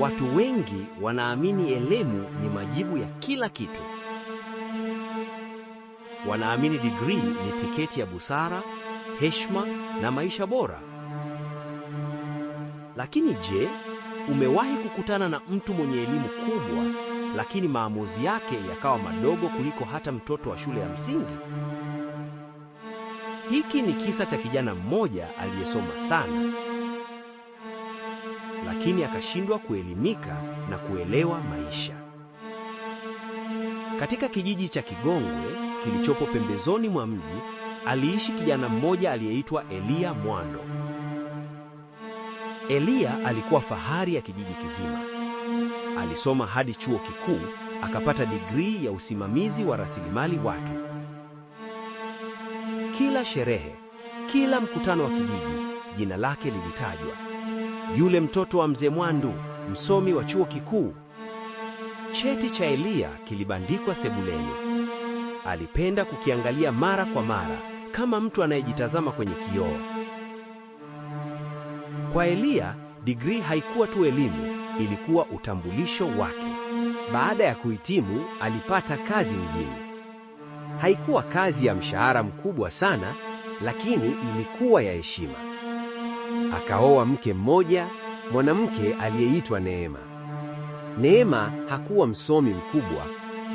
Watu wengi wanaamini elimu ni majibu ya kila kitu. Wanaamini digrii ni tiketi ya busara, heshima na maisha bora. Lakini je, umewahi kukutana na mtu mwenye elimu kubwa lakini maamuzi yake yakawa madogo kuliko hata mtoto wa shule ya msingi? Hiki ni kisa cha kijana mmoja aliyesoma sana lakini akashindwa kuelimika na kuelewa maisha. Katika kijiji cha Kigongwe kilichopo pembezoni mwa mji, aliishi kijana mmoja aliyeitwa Eliya Mwando. Eliya alikuwa fahari ya kijiji kizima. Alisoma hadi chuo kikuu, akapata digrii ya usimamizi wa rasilimali watu. Kila sherehe, kila mkutano wa kijiji, jina lake lilitajwa yule mtoto wa mzee Mwandu, msomi wa chuo kikuu. Cheti cha Eliya kilibandikwa sebuleni. Alipenda kukiangalia mara kwa mara kama mtu anayejitazama kwenye kioo. Kwa Eliya, digrii haikuwa tu elimu, ilikuwa utambulisho wake. Baada ya kuhitimu, alipata kazi mjini. Haikuwa kazi ya mshahara mkubwa sana, lakini ilikuwa ya heshima. Akaoa mke mmoja, mwanamke aliyeitwa Neema. Neema hakuwa msomi mkubwa,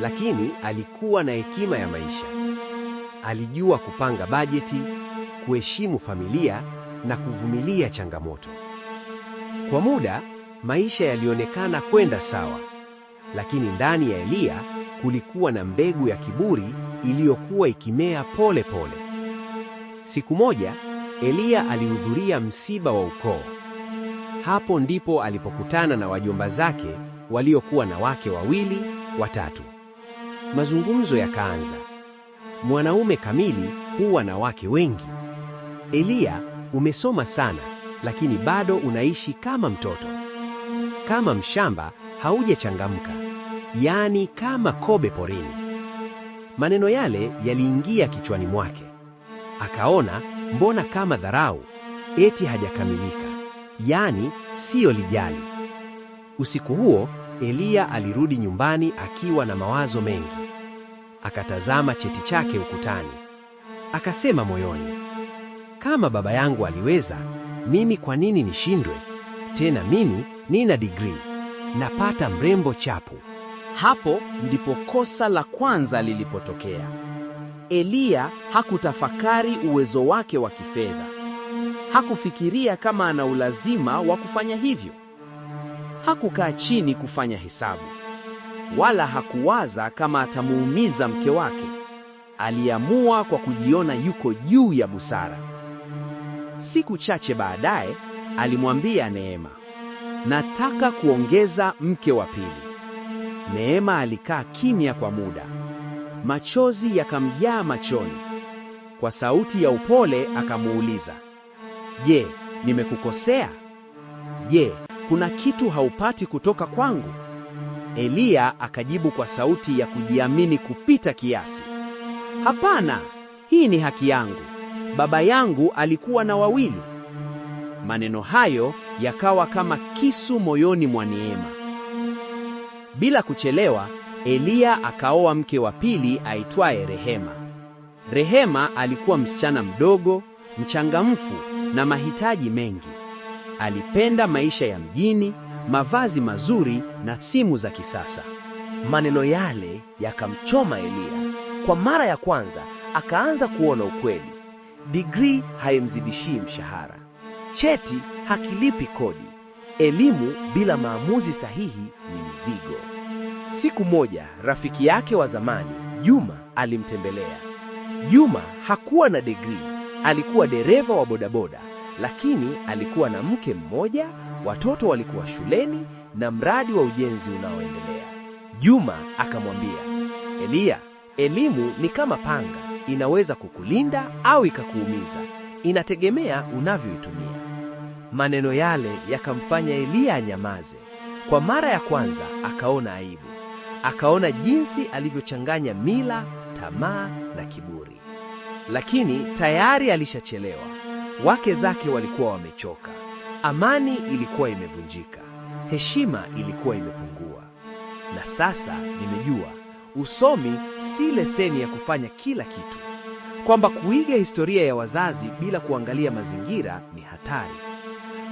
lakini alikuwa na hekima ya maisha. Alijua kupanga bajeti, kuheshimu familia na kuvumilia changamoto. Kwa muda maisha yalionekana kwenda sawa, lakini ndani ya Eliya kulikuwa na mbegu ya kiburi iliyokuwa ikimea pole pole. Siku moja Eliya alihudhuria msiba wa ukoo. Hapo ndipo alipokutana na wajomba zake waliokuwa na wake wawili, watatu. Mazungumzo yakaanza. Mwanaume kamili huwa na wake wengi. Eliya, umesoma sana lakini bado unaishi kama mtoto. Kama mshamba haujachangamka. Yaani kama kobe porini. Maneno yale yaliingia kichwani mwake. Akaona Mbona kama dharau, eti hajakamilika, yaani siyo lijali. Usiku huo Eliya alirudi nyumbani akiwa na mawazo mengi. Akatazama cheti chake ukutani, akasema moyoni, kama baba yangu aliweza, mimi kwa nini nishindwe? Tena mimi nina digrii, napata mrembo chapu. Hapo ndipo kosa la kwanza lilipotokea. Eliya hakutafakari uwezo wake wa kifedha. Hakufikiria kama ana ulazima wa kufanya hivyo. Hakukaa chini kufanya hesabu. Wala hakuwaza kama atamuumiza mke wake. Aliamua kwa kujiona yuko juu ya busara. Siku chache baadaye alimwambia Neema, nataka kuongeza mke wa pili. Neema alikaa kimya kwa muda machozi yakamjaa machoni. Kwa sauti ya upole akamuuliza, Je, nimekukosea? Je, kuna kitu haupati kutoka kwangu? Eliya akajibu kwa sauti ya kujiamini kupita kiasi, hapana, hii ni haki yangu. Baba yangu alikuwa na wawili. Maneno hayo yakawa kama kisu moyoni mwa Neema. Bila kuchelewa Eliya akaoa mke wa pili aitwaye Rehema. Rehema alikuwa msichana mdogo, mchangamfu na mahitaji mengi. Alipenda maisha ya mjini, mavazi mazuri na simu za kisasa. Maneno yale yakamchoma Eliya. Kwa mara ya kwanza akaanza kuona ukweli. Digrii haimzidishii mshahara. Cheti hakilipi kodi. Elimu bila maamuzi sahihi ni mzigo. Siku moja rafiki yake wa zamani Juma alimtembelea. Juma hakuwa na degree, alikuwa dereva wa bodaboda, lakini alikuwa na mke mmoja, watoto walikuwa shuleni na mradi wa ujenzi unaoendelea. Juma akamwambia, Eliya, elimu ni kama panga, inaweza kukulinda au ikakuumiza, inategemea unavyoitumia. Maneno yale yakamfanya Eliya anyamaze. Kwa mara ya kwanza akaona aibu, akaona jinsi alivyochanganya mila, tamaa na kiburi. Lakini tayari alishachelewa, wake zake walikuwa wamechoka, amani ilikuwa imevunjika, heshima ilikuwa imepungua. Na sasa nimejua usomi si leseni ya kufanya kila kitu, kwamba kuiga historia ya wazazi bila kuangalia mazingira ni hatari,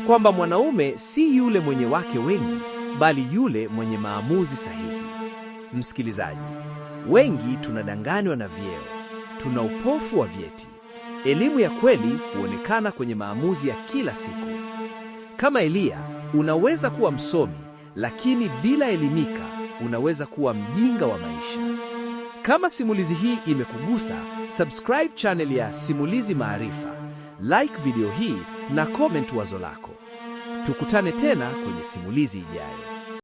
kwamba mwanaume si yule mwenye wake wengi bali yule mwenye maamuzi sahihi. Msikilizaji, wengi tunadanganywa na vyeo, tuna upofu wa vyeti. Elimu ya kweli huonekana kwenye maamuzi ya kila siku. Kama Eliya, unaweza kuwa msomi lakini bila elimika unaweza kuwa mjinga wa maisha. Kama simulizi hii imekugusa, subscribe channel ya Simulizi Maarifa, like video hii na comment wazo lako. Tukutane tena kwenye simulizi ijayo.